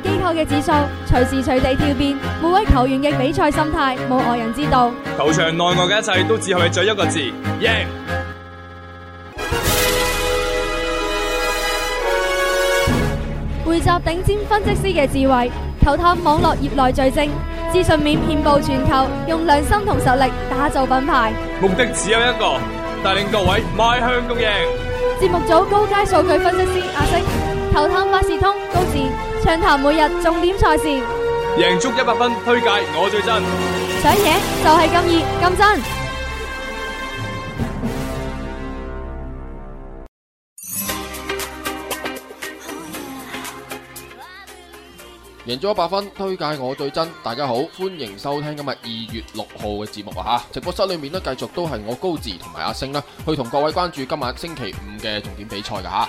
機構嘅指數隨時隨地跳變，每位球員嘅比賽心態冇外人知道。球場內外嘅一切都只係為咗一個字：贏。匯集頂尖分析師嘅智慧，球探網絡業內最精，資訊面遍布全球，用良心同實力打造品牌。目的只有一個，帶領各位邁向共贏。節目組高階數據分析師阿星。球探萬事通，高志暢談每日重點賽事，贏足一百分，推介我最真，想贏就係咁易咁真，贏咗一百分，推介我最真。大家好，歡迎收聽今日二月六號嘅節目啊！吓，直播室裏面咧，繼續都係我高志同埋阿星啦，去同各位關注今晚星期五嘅重點比賽噶吓。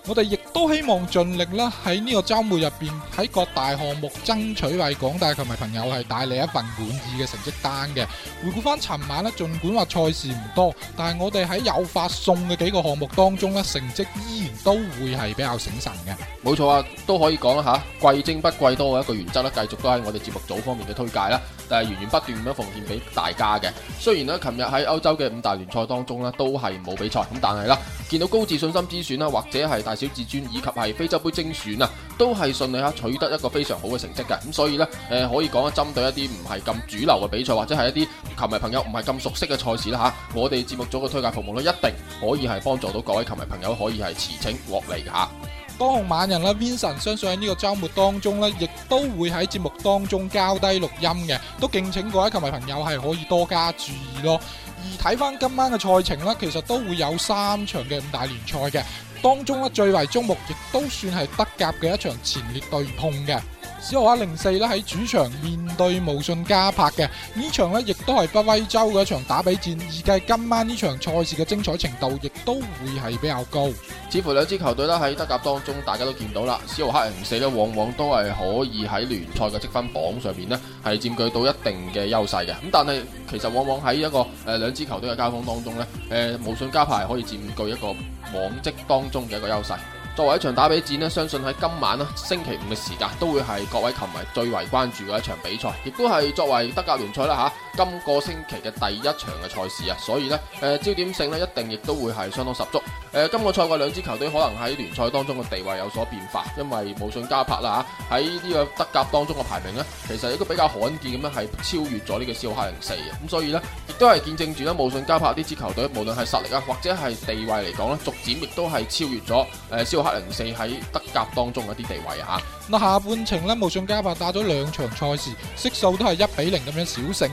我哋亦都希望盡力啦，喺呢個周末入邊，喺各大項目爭取為廣大球迷朋友係帶嚟一份滿意嘅成績單嘅。回顧翻尋晚呢，儘管話賽事唔多，但係我哋喺有發送嘅幾個項目當中呢，成績依然都會係比較醒神嘅。冇錯啊，都可以講啦吓，貴精不貴多嘅一個原則呢，繼續都喺我哋節目組方面嘅推介啦，但係誒，源源不斷咁樣奉獻俾大家嘅。雖然呢，琴日喺歐洲嘅五大聯賽當中呢，都係冇比賽咁，但係啦，見到高自信心之選啦，或者係。大小至尊以及係非洲杯精選啊，都係順利吓取得一個非常好嘅成績嘅，咁所以呢，誒可以講啊，針對一啲唔係咁主流嘅比賽或者係一啲球迷朋友唔係咁熟悉嘅賽事啦吓，我哋節目組嘅推介服務呢，一定可以係幫助到各位球迷朋友可以係持證獲利嘅吓。當紅猛人啦，Vincent，相信喺呢個周末當中呢，亦都會喺節目當中交低錄音嘅，都敬請各位球迷朋友係可以多加注意咯。而睇翻今晚嘅賽程呢，其實都會有三場嘅五大聯賽嘅。當中咧最為矚目，亦都算係德甲嘅一場前列對碰嘅。史浩克零四咧喺主場面對慕遜加柏嘅呢場呢亦都係北威州嘅一場打比戰，預計今晚呢場賽事嘅精彩程度亦都會係比較高。似乎兩支球隊咧喺德甲當中，大家都見到啦，史浩克零四呢往往都係可以喺聯賽嘅積分榜上面呢係佔據到一定嘅優勢嘅。咁但係其實往往喺一個誒兩、呃、支球隊嘅交鋒當中呢，誒、呃、慕遜加柏可以佔據一個。往績當中嘅一個優勢，作為一場打比戰咧，相信喺今晚啦星期五嘅時間都會係各位球迷最為關注嘅一場比賽，亦都係作為德甲聯賽啦嚇，今個星期嘅第一場嘅賽事啊，所以呢，誒、呃、焦點性呢一定亦都會係相當十足。誒、呃、今個賽季兩支球隊可能喺聯賽當中嘅地位有所變化，因為慕遜加柏啦嚇喺呢個德甲當中嘅排名呢，其實亦都比較罕見咁樣係超越咗呢個史浩克零四嘅，咁所以呢，亦都係見證住呢慕遜加柏呢支球隊，無論係實力啊或者係地位嚟講咧，逐漸亦都係超越咗誒史浩克零四喺德甲當中嘅啲地位啊。嗱，下半程呢，慕遜加柏打咗兩場賽事，悉數都係一比零咁樣小勝。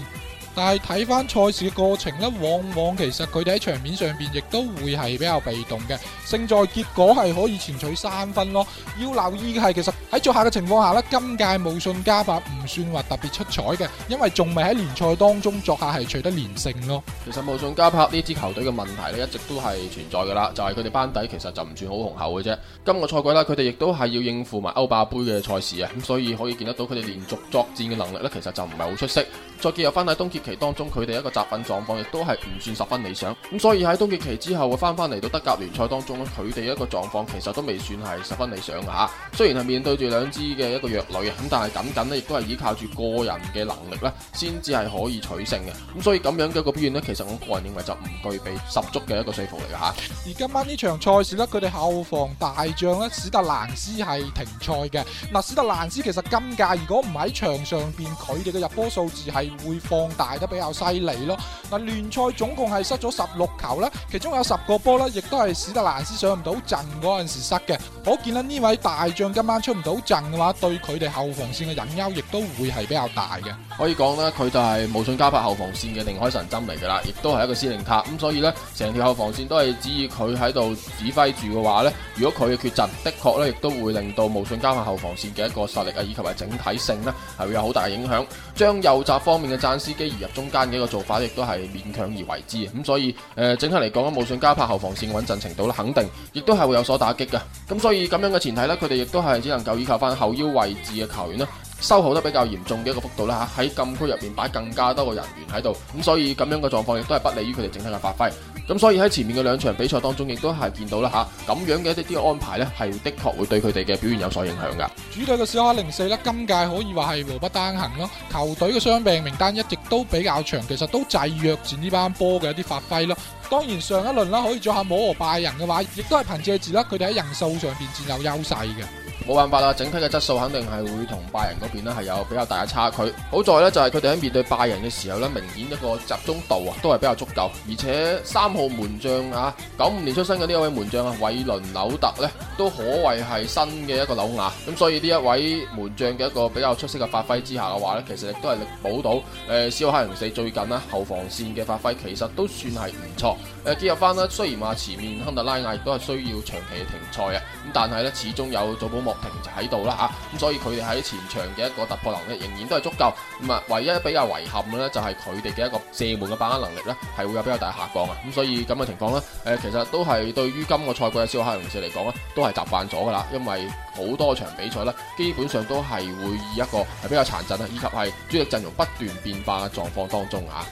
但係睇翻賽事嘅過程呢，往往其實佢哋喺場面上邊亦都會係比較被動嘅。勝在結果係可以全取三分咯。要留意嘅係，其實喺作客嘅情況下呢，今屆無信加柏唔算話特別出彩嘅，因為仲未喺聯賽當中作客係取得連勝咯。其實無信加柏呢支球隊嘅問題呢，一直都係存在噶啦，就係佢哋班底其實就唔算好雄厚嘅啫。今個賽季啦，佢哋亦都係要應付埋歐霸杯嘅賽事啊，咁所以可以見得到佢哋連續作戰嘅能力呢，其實就唔係好出色。再結合翻喺冬期當中佢哋一個集訓狀況亦都係唔算十分理想，咁所以喺冬歇期之後啊翻翻嚟到德甲聯賽當中咧，佢哋一個狀況其實都未算係十分理想吓。雖然係面對住兩支嘅一個弱旅啊，咁但係僅僅咧亦都係依靠住個人嘅能力咧，先至係可以取勝嘅。咁所以咁樣嘅一個表現呢，其實我個人認為就唔具備十足嘅一個說服力吓。而今晚呢場賽事呢，佢哋後防大將咧史特蘭斯係停賽嘅。嗱，史特蘭斯其實今屆如果唔喺場上邊，佢哋嘅入波數字係會放大。大得比較犀利咯，嗱聯賽總共係失咗十六球啦，其中有十個波啦，亦都係史特蘭斯上唔到陣嗰陣時失嘅。可見啦，呢位大將今晚出唔到陣嘅話，對佢哋後防線嘅隱憂亦都會係比較大嘅。可以講咧，佢就係無信加柏後防線嘅定海神針嚟噶啦，亦都係一個司令塔咁，所以呢，成條後防線都係指意佢喺度指揮住嘅話呢，如果佢嘅缺席，的確呢亦都會令到無信加柏後防線嘅一個實力啊，以及係整體性呢係會有好大影響。將右閘方面嘅爭司機移入中間嘅一個做法，亦都係勉強而為之。咁所以，呃，整體嚟講，無信加柏後防線穩陣程度肯定亦都係會有所打擊嘅。咁所以咁樣嘅前提呢，佢哋亦都係只能夠依靠翻後腰位置嘅球員收好得比較嚴重嘅一個幅度啦，喺禁區入邊擺更加多嘅人員喺度，咁所以咁樣嘅狀況亦都係不利於佢哋整體嘅發揮。咁所以喺前面嘅兩場比賽當中，亦都係見到啦嚇咁樣嘅一啲啲安排呢，係的確會對佢哋嘅表現有所影響噶。主隊嘅史浩克零四呢，04，今屆可以話係無不單行咯。球隊嘅傷病名單一直都比較長，其實都制約住呢班波嘅一啲發揮咯。當然上一輪啦，可以做下摩和拜仁嘅話，亦都係憑借住啦。佢哋喺人數上邊佔有優勢嘅。冇辦法啦，整體嘅質素肯定係會同拜仁嗰邊呢係有比較大嘅差距。好在呢，就係佢哋喺面對拜仁嘅時候呢，明顯一個集中度啊都係比較足夠，而且三號門將啊九五年出生嘅呢一位門將啊，韋倫紐特呢，都可謂係新嘅一個紐亞。咁所以呢一位門將嘅一個比較出色嘅發揮之下嘅話呢，其實亦都係力補到誒小、呃、黑零四最近呢，後防線嘅發揮其實都算係唔錯。誒結合翻呢，雖然話前面亨特拉亞亦都係需要長期嘅停賽啊。但係咧，始終有祖保莫廷就喺度啦，吓咁，所以佢哋喺前場嘅一個突破能力仍然都係足夠。咁啊，唯一比較遺憾嘅咧，就係佢哋嘅一個射門嘅把握能力咧，係會有比較大下降啊。咁所以咁嘅情況咧，誒，其實都係對於今個賽季嘅小黑勇士嚟講咧，都係習慣咗噶啦，因為好多場比賽咧，基本上都係會以一個係比較殘陣啊，以及係主力陣容不斷變化嘅狀況當中啊。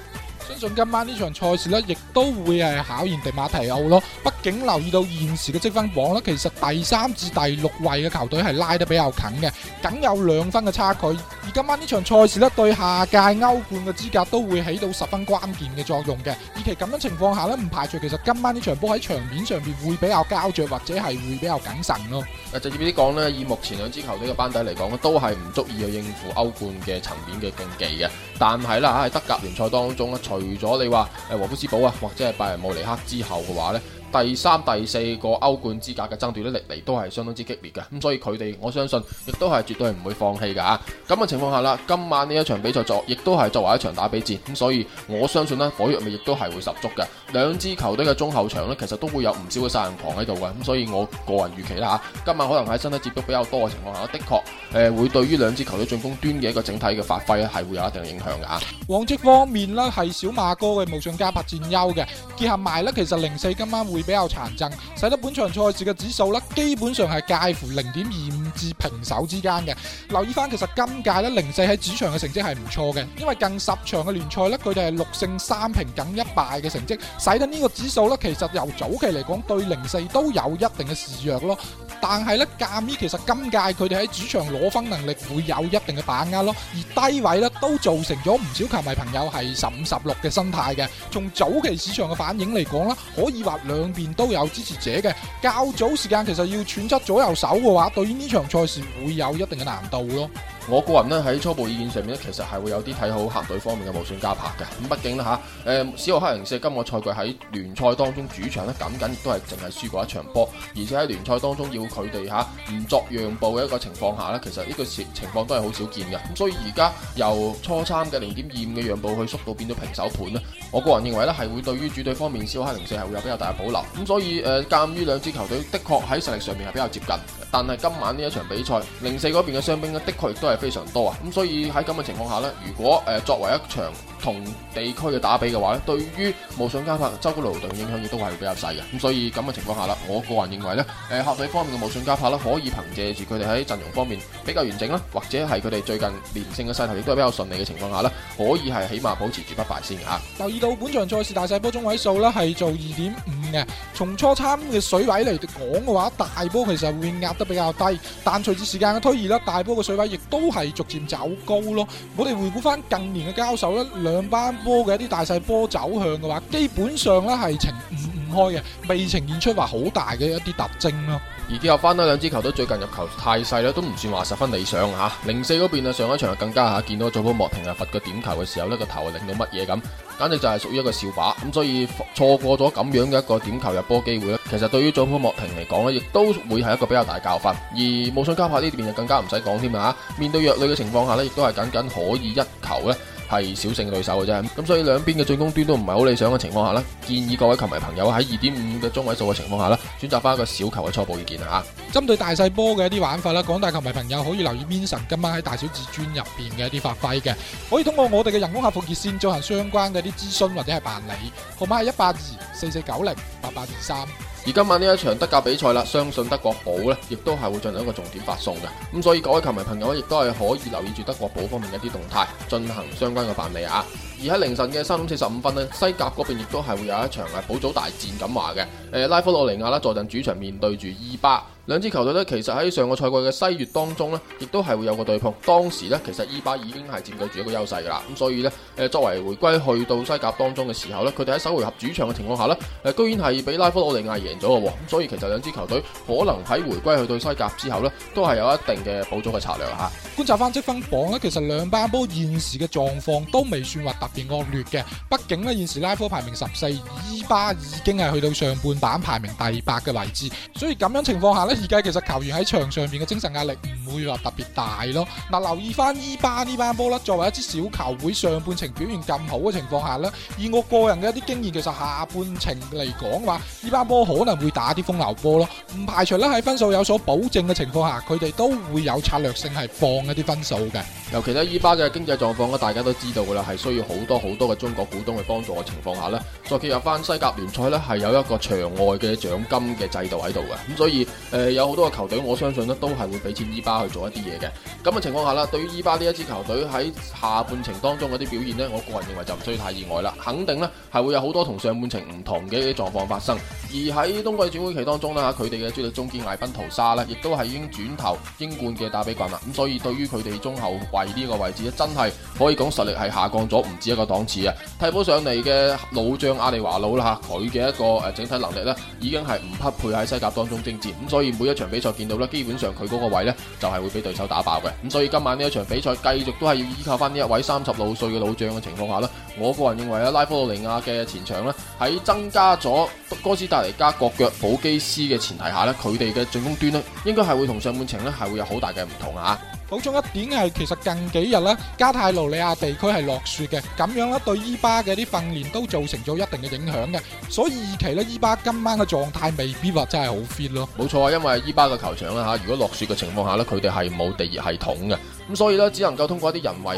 相信今晚呢場賽事咧，亦都會係考驗迪馬提奧咯。畢竟留意到現時嘅積分榜咧，其實第三至第六位嘅球隊係拉得比較近嘅，僅有兩分嘅差距。而今晚呢場賽事呢，對下屆歐冠嘅資格都會起到十分關鍵嘅作用嘅。以其咁樣情況下呢，唔排除其實今晚呢場波喺場面上面會比較膠着，或者係會比較謹慎咯。直接啲講呢，以目前兩支球隊嘅班底嚟講，都係唔足以去應付歐冠嘅層面嘅競技嘅。但係啦，喺德甲聯賽當中除咗你話誒，禾夫斯堡啊，或者係拜仁慕尼黑之後嘅話呢第三、第四個歐冠資格嘅爭奪咧，歷嚟都係相當之激烈嘅，咁所以佢哋我相信亦都係絕對唔會放棄㗎。咁嘅情況下啦，今晚呢一場比賽作，亦都係作為一場打比戰，咁所以我相信呢火藥味亦都係會十足嘅。兩支球隊嘅中後場呢，其實都會有唔少嘅殺人狂喺度嘅，咁所以我個人預期啦，哈，今晚可能喺身體接觸比較多嘅情況下，的確誒會對於兩支球隊進攻端嘅一個整體嘅發揮咧，係會有一定的影響㗎。往績方面呢，係小馬哥嘅慕遜加柏佔優嘅，結合埋呢其實零四今晚會。比較殘陣，使得本場賽事嘅指數咧，基本上係介乎零點二五至平手之間嘅。留意返，其實今屆咧零四喺主場嘅成績係唔錯嘅，因為近十場嘅聯賽咧，佢哋係六勝三平僅一敗嘅成績，使得呢個指數咧，其實由早期嚟講對零四都有一定嘅示弱咯。但係呢，鑒於其實今屆佢哋喺主場攞分能力會有一定嘅把握咯，而低位呢都造成咗唔少球迷朋友係十五十六嘅心態嘅。從早期市場嘅反應嚟講咧，可以話兩邊都有支持者嘅。較早時間其實要揣測左右手嘅話，對於呢場賽事會有一定嘅難度咯。我個人咧喺初步意見上面咧，其實係會有啲睇好客隊方面嘅慕遜加柏嘅。咁畢竟啦嚇，誒，史浩克零四今個賽季喺聯賽當中主場咧僅僅，亦都係淨係輸過一場波，而且喺聯賽當中要佢哋嚇唔作讓步嘅一個情況下咧，其實呢個情況都係好少見嘅。咁所以而家由初三嘅零點二五嘅讓步去縮到變咗平手盤啦。我個人認為咧係會對於主隊方面，小黑零四係會有比較大嘅保留，咁所以誒，鑒於兩支球隊的確喺實力上面係比較接近，但係今晚呢一場比賽，零四嗰邊嘅傷兵咧的確亦都係非常多啊，咁所以喺咁嘅情況下咧，如果誒作為一場。同地區嘅打比嘅話咧，對於慕遜加柏周中勞頓嘅影響亦都係比較細嘅。咁所以咁嘅情況下啦，我個人認為咧，誒客隊方面嘅慕遜加柏咧，可以憑藉住佢哋喺陣容方面比較完整啦，或者係佢哋最近連勝嘅勢頭亦都係比較順利嘅情況下咧，可以係起碼保持住不敗先嚇。留意到本場賽事大細波中位數咧係做二點五嘅，從初參嘅水位嚟講嘅話，大波其實會壓得比較低，但隨住時間嘅推移咧，大波嘅水位亦都係逐漸走高咯。我哋回顧返近年嘅交手咧。兩班波嘅一啲大細波走向嘅話，基本上咧係呈唔唔開嘅，未呈現出話好大嘅一啲特徵咯。而之後翻到兩支球隊最近入球太細咧，都唔算話十分理想吓。零四嗰邊啊，上一場更加吓，見到祖普莫廷啊罰個點球嘅時候咧個頭啊擰到乜嘢咁，簡直就係屬於一個笑話咁，所以錯過咗咁樣嘅一個點球入波機會咧，其實對於祖普莫廷嚟講咧，亦都會係一個比較大教訓。而慕遜加柏呢邊就更加唔使講添啊，面對弱旅嘅情況下咧，亦都係僅僅可以一球咧，係小勝嘅對手嘅啫，咁所以兩邊嘅進攻端都唔係好理想嘅情況下咧，建議各位球迷朋友喺二點五嘅中位數嘅情況下咧，選擇翻一個小球嘅初步意見啊！針對大細波嘅一啲玩法咧，廣大球迷朋友可以留意 Vincent 今晚喺大小至尊入邊嘅一啲發揮嘅，可以通過我哋嘅人工客服熱線進行相關嘅啲諮詢或者係辦理，號碼係一八二四四九零八八二三。而今晚呢一場德甲比賽啦，相信德國寶呢亦都係會進行一個重點發送嘅，咁所以各位球迷朋友亦都係可以留意住德國寶方面嘅一啲動態，進行相關嘅辦理啊。而喺凌晨嘅三點四十五分呢，西甲嗰邊亦都係會有一場係保組大戰咁話嘅，誒拉科魯尼亞啦坐陣主場面對住伊巴。兩支球隊咧，其實喺上個賽季嘅西乙當中咧，亦都係會有個對碰。當時咧，其實伊、e、巴已經係佔據住一個優勢㗎啦。咁所以咧，誒作為回歸去到西甲當中嘅時候咧，佢哋喺首回合主場嘅情況下咧，誒居然係畀拉科羅尼亞贏咗嘅喎。咁所以其實兩支球隊可能喺回歸去到西甲之後咧，都係有一定嘅補足嘅策略嚇。觀察翻積分榜咧，其實兩班波現時嘅狀況都未算話特別惡劣嘅。畢竟咧，現時拉科排名十四，伊巴已經係去到上半版排名第八嘅位置。所以咁樣的情況下咧，而家其實球員喺場上面嘅精神壓力唔會話特別大咯。嗱，留意翻伊巴呢班波啦，作為一支小球會，上半程表現咁好嘅情況下呢，以我個人嘅一啲經驗，其實下半程嚟講話，伊巴波可能會打啲風流波咯。唔排除咧喺分數有所保證嘅情況下，佢哋都會有策略性係放一啲分數嘅。尤其咧，伊巴嘅經濟狀況咧，大家都知道噶啦，係需要好多好多嘅中國股東去幫助嘅情況下呢，再加入翻西甲聯賽呢，係有一個場外嘅獎金嘅制度喺度嘅。咁所以，誒、呃。係有好多嘅球隊，我相信咧都係會俾錢伊巴去做一啲嘢嘅。咁嘅情況下啦，對於伊巴呢一支球隊喺下半程當中嗰啲表現咧，我個人認為就唔需要太意外啦。肯定咧係會有好多同上半程唔同嘅狀況發生。而喺冬季轉會期當中咧，吓佢哋嘅主力中堅艾賓淘沙咧，亦都係已經轉投英冠嘅打比郡啦。咁所以對於佢哋中後衛呢個位置咧，真係可以講實力係下降咗唔止一個檔次啊！替補上嚟嘅老將阿里華魯啦，吓佢嘅一個誒整體能力咧，已經係唔匹配喺西甲當中征戰。咁所以每一場比賽見到咧，基本上佢嗰個位咧就係、是、會俾對手打爆嘅。咁所以今晚呢一場比賽繼續都係要依靠翻呢一位三十六歲嘅老將嘅情況下咧，我個人認為咧，拉科魯尼亞嘅前場咧喺增加咗哥斯達，加國腳保基斯嘅前提下呢，佢哋嘅進攻端咧，應該係會同上半程咧係會有好大嘅唔同吓。補充一點係，其實近幾日呢，加泰羅尼亞地區係落雪嘅，咁樣呢，對伊巴嘅啲訓練都造成咗一定嘅影響嘅。所以二期呢，伊巴今晚嘅狀態未必話真係好 fit 咯。冇錯啊，因為伊巴嘅球場啦吓，如果落雪嘅情況下呢，佢哋係冇地熱系統嘅。咁所以咧，只能夠通過一啲人為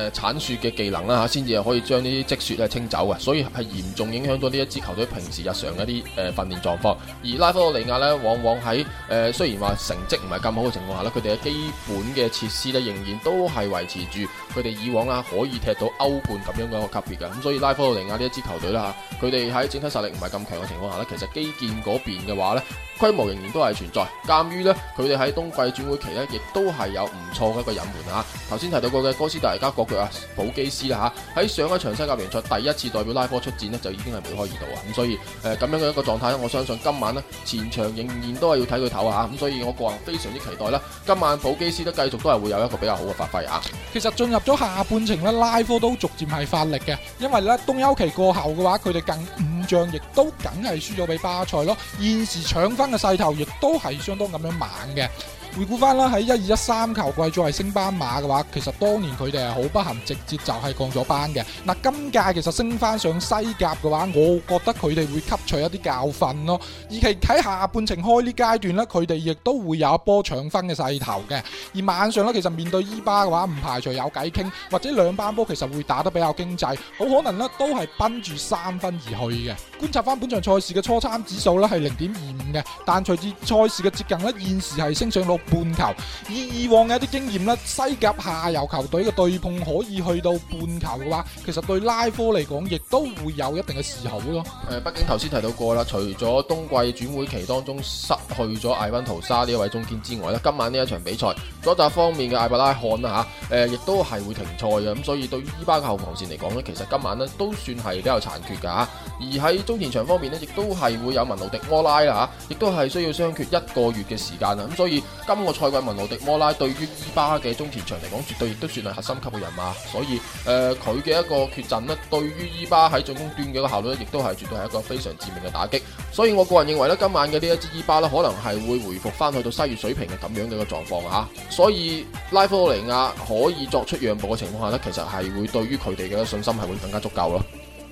嘅誒鏟雪嘅技能啦嚇，先至係可以將呢啲積雪咧清走嘅。所以係嚴重影響到呢一支球隊平時日常嘅一啲誒、呃、訓練狀況。而拉科魯尼亞呢，往往喺誒、呃、雖然話成績唔係咁好嘅情況下呢，佢哋嘅基本嘅設施呢，仍然都係維持住佢哋以往啦可以踢到歐冠咁樣嘅一個級別嘅。咁所以拉科魯尼亞呢一支球隊啦嚇，佢哋喺整體實力唔係咁強嘅情況下呢，其實基建嗰邊嘅話呢，規模仍然都係存在。鑑於呢，佢哋喺冬季轉會期呢，亦都係有唔錯嘅一個人門啊！頭先提到過嘅哥斯達黎加國腳普基斯啦，吓，喺上一場西甲聯賽第一次代表拉科出戰呢，就已經係梅開二度啊！咁所以誒，咁樣嘅一個狀態，我相信今晚呢，前場仍然都係要睇佢頭啊！咁所以我個人非常之期待啦，今晚普基斯都繼續都係會有一個比較好嘅發揮啊！其實進入咗下半程呢，拉科都逐漸係發力嘅，因為呢，冬休期過後嘅話，佢哋近五仗亦都梗係輸咗俾巴塞咯，現時搶分嘅勢頭亦都係相當咁樣猛嘅。回顧翻啦，喺一二一三球季作為升班馬嘅話，其實當年佢哋係好不幸，直接就係降咗班嘅。嗱、啊，今屆其實升翻上西甲嘅話，我覺得佢哋會吸取一啲教訓咯。而其喺下半程開呢階段呢，佢哋亦都會有一波搶分嘅勢頭嘅。而晚上呢，其實面對伊巴嘅話，唔排除有偈傾，或者兩班波其實會打得比較經濟，好可能呢，都係奔住三分而去嘅。觀察翻本場賽事嘅初參指數呢，係零點二五嘅，但隨住賽事嘅接近呢，現時係升上六。半球，以以往嘅一啲經驗咧，西甲下游球隊嘅對碰可以去到半球嘅話，其實對拉科嚟講，亦都會有一定嘅利好咯。誒、呃，畢竟頭先提到過啦，除咗冬季轉會期當中失去咗艾温圖沙呢一位中堅之外咧，今晚呢一場比賽左閘方面嘅艾伯拉漢啦嚇，誒、啊，亦、啊、都係會停賽嘅，咁所以對伊巴後防線嚟講咧，其實今晚呢都算係比較殘缺嘅嚇、啊。而喺中前場方面呢，亦都係會有文路迪摩拉啦嚇，亦、啊、都係需要傷缺一個月嘅時間啊，咁所以。今、這個賽季，文羅迪摩拉對於伊巴嘅中前場嚟講，絕對亦都算係核心級嘅人馬。所以，誒佢嘅一個缺陣呢，對於伊巴喺進攻端嘅一個效率咧，亦都係絕對係一個非常致命嘅打擊。所以，我個人認為咧，今晚嘅呢一支伊巴呢，可能係會回復翻去到西乙水平嘅咁樣嘅一個狀況吓、啊。所以，拉科尼亞可以作出讓步嘅情況下呢，其實係會對於佢哋嘅信心係會更加足夠咯。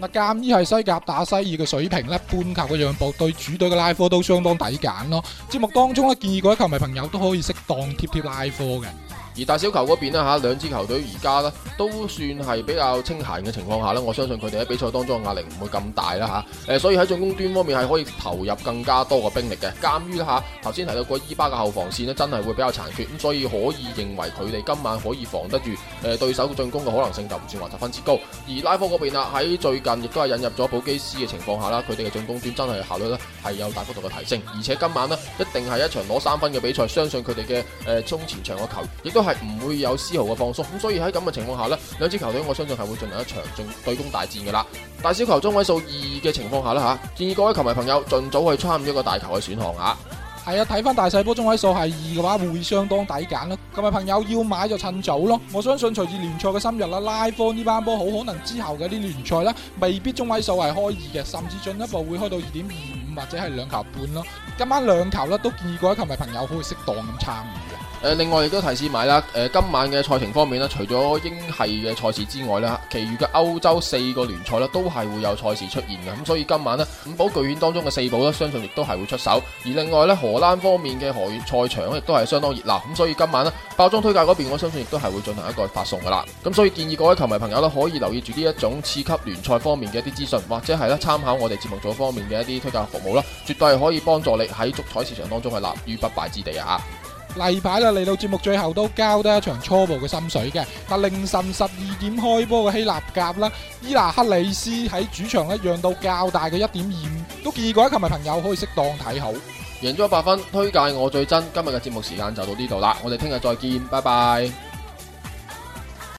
嗱，鑑於係西甲打西二嘅水平咧，半球嘅讓步對主隊嘅拉科都相當抵揀咯。節目當中咧，建議各位球迷朋友都可以適當貼貼拉科嘅。而大小球嗰邊呢，吓，兩支球隊而家呢都算係比較清閒嘅情況下呢，我相信佢哋喺比賽當中嘅壓力唔會咁大啦，吓，誒，所以喺進攻端方面係可以投入更加多嘅兵力嘅。鑑於咧頭先提到過伊巴嘅後防線呢真係會比較殘缺，咁所以可以認為佢哋今晚可以防得住，誒、呃、對手嘅進攻嘅可能性就唔算話十分之高。而拉科嗰邊啊，喺最近亦都係引入咗保基斯嘅情況下啦，佢哋嘅進攻端真係效率咧係有大幅度嘅提升，而且今晚呢一定係一場攞三分嘅比賽，相信佢哋嘅誒中前場嘅球亦都。都係唔會有絲毫嘅放鬆，咁所以喺咁嘅情況下呢，兩支球隊我相信係會進行一場對攻大戰嘅啦。大小球中位數二嘅情況下呢，吓，建議各位球迷朋友盡早去參與一個大球嘅選項啊。係啊，睇翻大細波中位數係二嘅話，會相當抵揀咯。各位朋友要買就趁早咯。我相信隨住聯賽嘅深入啦，拉科呢班波好可能之後嘅啲聯賽呢，未必中位數係開二嘅，甚至進一步會開到二點二五或者係兩球半咯。今晚兩球呢，都建議各位球迷朋友可以適當咁參與。誒，另外亦都提示埋啦。誒，今晚嘅賽程方面呢，除咗英係嘅賽事之外呢，其餘嘅歐洲四個聯賽都係會有賽事出現嘅。咁所以今晚五寶巨選當中嘅四寶相信亦都係會出手。而另外呢，荷蘭方面嘅荷乙賽場亦都係相當熱鬧。咁所以今晚包裝推介嗰邊，我相信亦都係會進行一個發送噶啦。咁所以建議各位球迷朋友可以留意住呢一種次級聯賽方面嘅一啲資訊，或者係咧參考我哋節目組方面嘅一啲推介服務啦，絕對係可以幫助你喺足彩市場當中係立於不敗之地啊！例牌啦，嚟到節目最後都交得一場初步嘅心水嘅。但凌晨十二點開波嘅希臘甲啦，伊拿克里斯喺主場咧讓到較大嘅一點二，都建議各位球迷朋友可以適當睇好，贏咗一百分。推介我最真，今日嘅節目時間就到呢度啦，我哋聽日再見，拜拜。